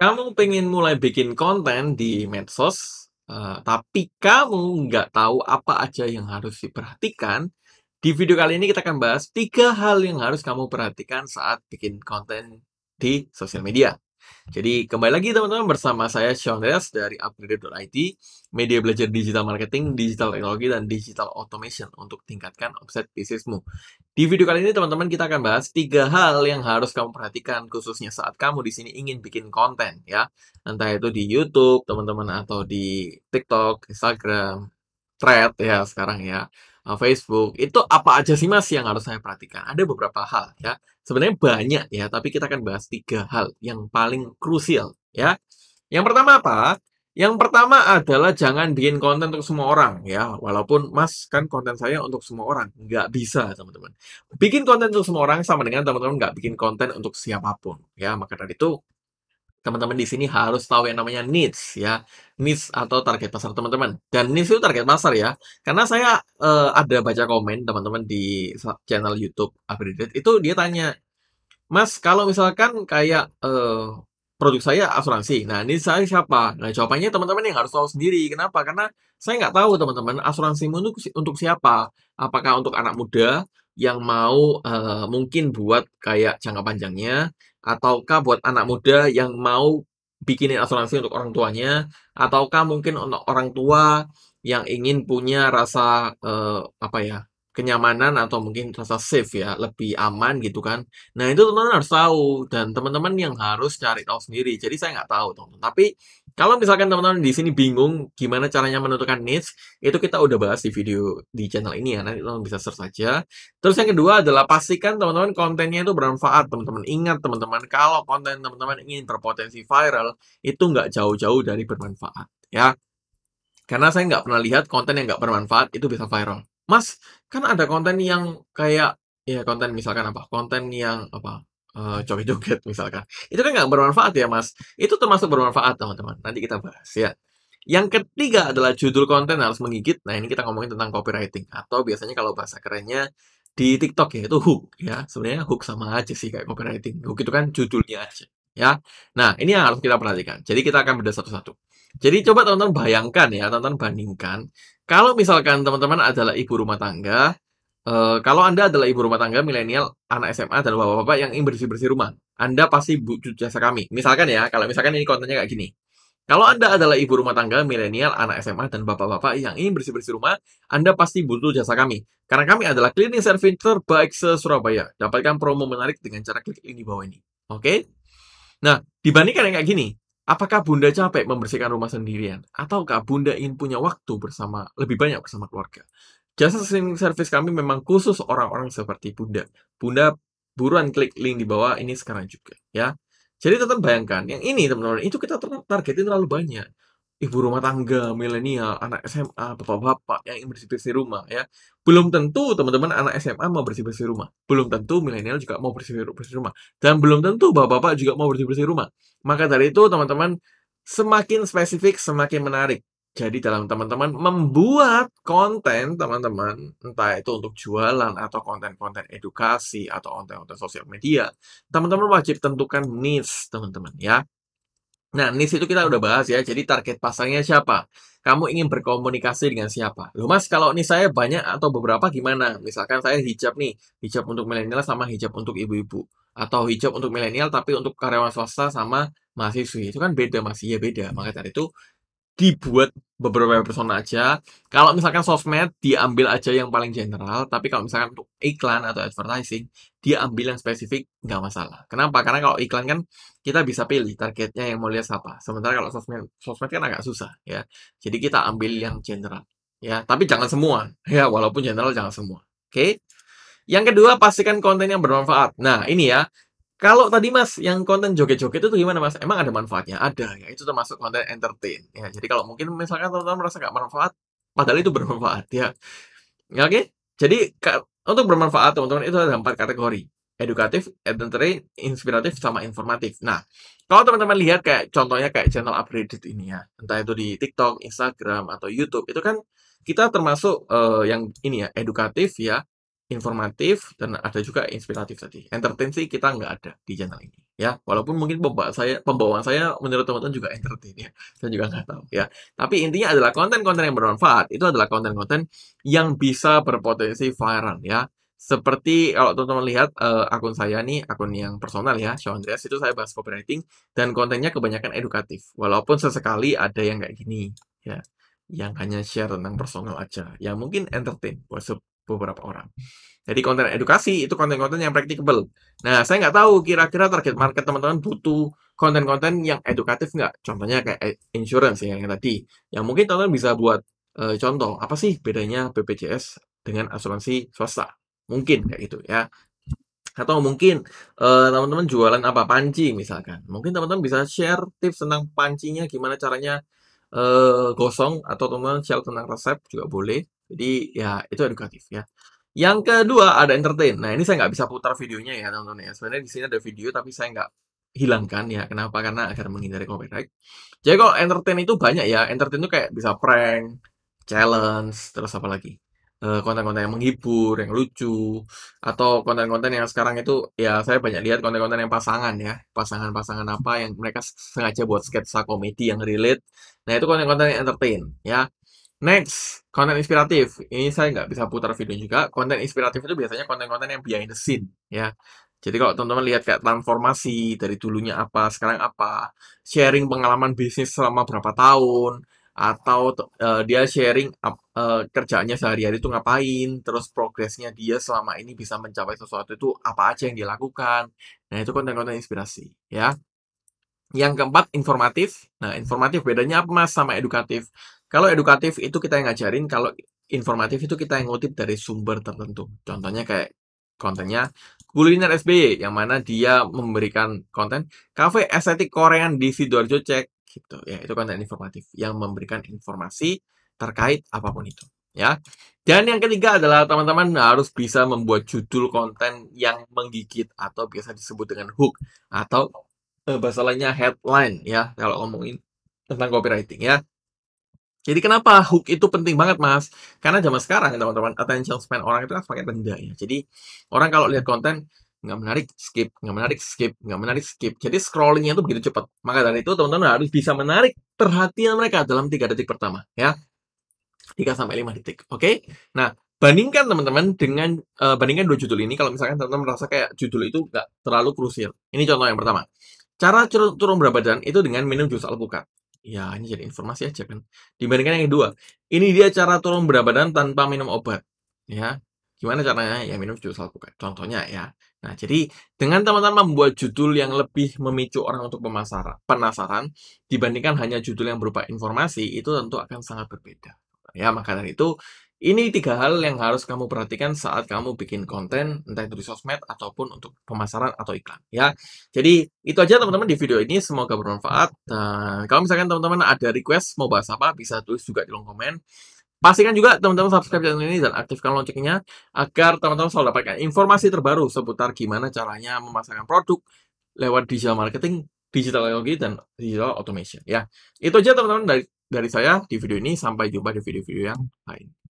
Kamu pengen mulai bikin konten di medsos, uh, tapi kamu nggak tahu apa aja yang harus diperhatikan, di video kali ini kita akan bahas tiga hal yang harus kamu perhatikan saat bikin konten di sosial media. Jadi kembali lagi teman-teman bersama saya Sean Reyes dari upgrade.it, media belajar digital marketing, digital teknologi, dan digital automation untuk tingkatkan offset bisnismu. Di video kali ini teman-teman kita akan bahas tiga hal yang harus kamu perhatikan khususnya saat kamu di sini ingin bikin konten ya. Entah itu di YouTube teman-teman atau di TikTok, Instagram, Thread ya sekarang ya. Facebook. Itu apa aja sih Mas yang harus saya perhatikan? Ada beberapa hal ya. Sebenarnya banyak ya, tapi kita akan bahas tiga hal yang paling krusial ya. Yang pertama apa? Yang pertama adalah jangan bikin konten untuk semua orang ya. Walaupun Mas kan konten saya untuk semua orang, nggak bisa teman-teman. Bikin konten untuk semua orang sama dengan teman-teman nggak bikin konten untuk siapapun ya. Maka dari itu teman-teman di sini harus tahu yang namanya needs ya needs atau target pasar teman-teman dan needs itu target pasar ya karena saya uh, ada baca komen teman-teman di channel YouTube upgraded itu dia tanya Mas kalau misalkan kayak uh, produk saya asuransi nah ini saya siapa nah jawabannya teman-teman yang harus tahu sendiri kenapa karena saya nggak tahu teman-teman asuransi untuk untuk siapa apakah untuk anak muda yang mau uh, mungkin buat kayak jangka panjangnya ataukah buat anak muda yang mau bikinin asuransi untuk orang tuanya ataukah mungkin untuk orang tua yang ingin punya rasa uh, apa ya kenyamanan atau mungkin rasa safe ya lebih aman gitu kan nah itu teman-teman harus tahu dan teman-teman yang harus cari tahu sendiri jadi saya nggak tahu teman-teman tapi kalau misalkan teman-teman di sini bingung gimana caranya menentukan niche, itu kita udah bahas di video di channel ini ya. Nanti teman-teman bisa search saja. Terus yang kedua adalah pastikan teman-teman kontennya itu bermanfaat, teman-teman. Ingat teman-teman, kalau konten teman-teman ingin berpotensi viral, itu nggak jauh-jauh dari bermanfaat ya. Karena saya nggak pernah lihat konten yang nggak bermanfaat itu bisa viral. Mas, kan ada konten yang kayak ya konten misalkan apa? Konten yang apa? uh, joget-joget misalkan. Itu kan nggak bermanfaat ya mas. Itu termasuk bermanfaat teman-teman. Nanti kita bahas ya. Yang ketiga adalah judul konten harus menggigit. Nah ini kita ngomongin tentang copywriting atau biasanya kalau bahasa kerennya di TikTok ya itu hook ya. Sebenarnya hook sama aja sih kayak copywriting. Hook itu kan judulnya aja ya. Nah ini yang harus kita perhatikan. Jadi kita akan beda satu-satu. Jadi coba teman-teman bayangkan ya, teman-teman bandingkan. Kalau misalkan teman-teman adalah ibu rumah tangga, Eh, kalau Anda adalah ibu rumah tangga, milenial, anak SMA, dan bapak-bapak yang ingin bersih-bersih rumah, Anda pasti butuh jasa kami. Misalkan ya, kalau misalkan ini kontennya kayak gini. Kalau Anda adalah ibu rumah tangga, milenial, anak SMA, dan bapak-bapak yang ingin bersih-bersih rumah, Anda pasti butuh jasa kami. Karena kami adalah cleaning service terbaik se-Surabaya. Dapatkan promo menarik dengan cara klik link di bawah ini. Oke? Okay? Nah, dibandingkan yang kayak gini, apakah Bunda capek membersihkan rumah sendirian? Ataukah Bunda ingin punya waktu bersama, lebih banyak bersama keluarga? Jasa streaming service kami memang khusus orang-orang seperti Bunda. Bunda buruan klik link di bawah ini sekarang juga ya. Jadi tetap bayangkan, yang ini teman-teman, itu kita targetin terlalu banyak. Ibu rumah tangga, milenial, anak SMA, bapak-bapak yang ingin bersih-bersih rumah ya. Belum tentu teman-teman anak SMA mau bersih-bersih rumah. Belum tentu milenial juga mau bersih-bersih rumah. Dan belum tentu bapak-bapak juga mau bersih-bersih rumah. Maka dari itu teman-teman, semakin spesifik, semakin menarik. Jadi dalam teman-teman membuat konten teman-teman, entah itu untuk jualan atau konten-konten edukasi atau konten-konten sosial media, teman-teman wajib tentukan niche teman-teman ya. Nah, niche itu kita udah bahas ya. Jadi target pasangnya siapa? Kamu ingin berkomunikasi dengan siapa? Loh mas, kalau niche saya banyak atau beberapa gimana? Misalkan saya hijab nih, hijab untuk milenial sama hijab untuk ibu-ibu. Atau hijab untuk milenial tapi untuk karyawan swasta sama mahasiswi. Itu kan beda mas, ya beda. Maka dari itu dibuat beberapa persona aja. Kalau misalkan sosmed diambil aja yang paling general, tapi kalau misalkan untuk iklan atau advertising diambil yang spesifik nggak masalah. Kenapa? Karena kalau iklan kan kita bisa pilih targetnya yang mau lihat siapa. Sementara kalau sosmed sosmed kan agak susah ya. Jadi kita ambil yang general ya. Tapi jangan semua ya, walaupun general jangan semua. Oke. Okay? Yang kedua pastikan konten yang bermanfaat. Nah ini ya kalau tadi Mas yang konten joget-joget itu gimana Mas? Emang ada manfaatnya? Ada ya. Itu termasuk konten entertain ya. Jadi kalau mungkin misalkan teman-teman merasa gak manfaat, padahal itu bermanfaat ya. ya Oke. Jadi untuk bermanfaat teman-teman itu ada empat kategori. Edukatif, entertain, inspiratif, sama informatif. Nah, kalau teman-teman lihat kayak contohnya kayak channel upgraded ini ya, entah itu di TikTok, Instagram, atau YouTube, itu kan kita termasuk uh, yang ini ya, edukatif ya, informatif dan ada juga inspiratif tadi. Entertain sih kita nggak ada di channel ini ya. Walaupun mungkin pembawaan saya pembawaan saya menurut teman-teman juga entertain ya. Saya juga nggak tahu ya. Tapi intinya adalah konten-konten yang bermanfaat itu adalah konten-konten yang bisa berpotensi viral ya. Seperti kalau teman-teman lihat uh, akun saya nih, akun yang personal ya, Sean Andreas itu saya bahas copywriting dan kontennya kebanyakan edukatif. Walaupun sesekali ada yang kayak gini ya yang hanya share tentang personal aja, yang mungkin entertain buat beberapa orang. Jadi konten edukasi itu konten-konten yang practicable. Nah, saya nggak tahu kira-kira target market teman-teman butuh konten-konten yang edukatif nggak? Contohnya kayak insurance ya, yang tadi. Yang mungkin teman-teman bisa buat e, contoh, apa sih bedanya BPJS dengan asuransi swasta? Mungkin kayak gitu ya. Atau mungkin eh, teman-teman jualan apa? Panci misalkan. Mungkin teman-teman bisa share tips tentang pancinya, gimana caranya e, gosong, atau teman-teman share tentang resep juga boleh jadi ya itu edukatif ya. Yang kedua ada entertain. Nah ini saya nggak bisa putar videonya ya teman-teman ya. Sebenarnya di sini ada video tapi saya nggak hilangkan ya. Kenapa? Karena agar menghindari copyright. Jadi kalau entertain itu banyak ya. Entertain itu kayak bisa prank, challenge, terus apa lagi? Eh, konten-konten yang menghibur, yang lucu, atau konten-konten yang sekarang itu ya saya banyak lihat konten-konten yang pasangan ya, pasangan-pasangan apa yang mereka sengaja buat sketsa komedi yang relate. Nah itu konten-konten yang entertain ya. Next, konten inspiratif. Ini saya nggak bisa putar video juga. Konten inspiratif itu biasanya konten-konten yang behind the scene, ya. Jadi kalau teman-teman lihat kayak transformasi dari dulunya apa, sekarang apa, sharing pengalaman bisnis selama berapa tahun, atau uh, dia sharing uh, uh, kerjaannya sehari-hari itu ngapain, terus progresnya dia selama ini bisa mencapai sesuatu itu apa aja yang dia lakukan. Nah, itu konten-konten inspirasi, ya. Yang keempat, informatif. Nah, informatif bedanya apa mas sama edukatif? Kalau edukatif itu kita yang ngajarin, kalau informatif itu kita yang ngutip dari sumber tertentu. Contohnya kayak kontennya kuliner SBY, yang mana dia memberikan konten kafe estetik Korean di Sidoarjo cek gitu ya itu konten informatif yang memberikan informasi terkait apapun itu ya dan yang ketiga adalah teman-teman harus bisa membuat judul konten yang menggigit atau biasa disebut dengan hook atau eh, bahasa lainnya headline ya kalau ngomongin tentang copywriting ya. Jadi kenapa hook itu penting banget mas? Karena zaman sekarang ya, teman-teman attention span orang itu kan semakin rendah ya. Jadi orang kalau lihat konten nggak menarik skip, nggak menarik skip, nggak menarik skip. Jadi scrollingnya itu begitu cepat. Maka dari itu teman-teman harus bisa menarik perhatian mereka dalam tiga detik pertama ya. 3 sampai 5 detik. Oke. Okay? Nah, bandingkan teman-teman dengan uh, bandingkan dua judul ini kalau misalkan teman-teman merasa kayak judul itu nggak terlalu krusial. Ini contoh yang pertama. Cara turun berat badan itu dengan minum jus alpukat. Ya, ini jadi informasi aja kan. Dibandingkan yang kedua, ini dia cara turun berat badan tanpa minum obat. Ya, gimana caranya? Ya minum jus alpukat. Contohnya ya. Nah, jadi dengan teman-teman membuat judul yang lebih memicu orang untuk pemasaran, penasaran dibandingkan hanya judul yang berupa informasi, itu tentu akan sangat berbeda ya dari itu. Ini tiga hal yang harus kamu perhatikan saat kamu bikin konten, entah itu di sosmed ataupun untuk pemasaran atau iklan, ya. Jadi itu aja teman-teman di video ini, semoga bermanfaat. Dan kalau misalkan teman-teman ada request mau bahas apa, bisa tulis juga di kolom komen. Pastikan juga teman-teman subscribe channel ini dan aktifkan loncengnya agar teman-teman selalu dapatkan informasi terbaru seputar gimana caranya memasarkan produk lewat digital marketing, digital teknologi, dan digital automation. Ya, itu aja teman-teman dari dari saya di video ini. Sampai jumpa di video-video yang lain.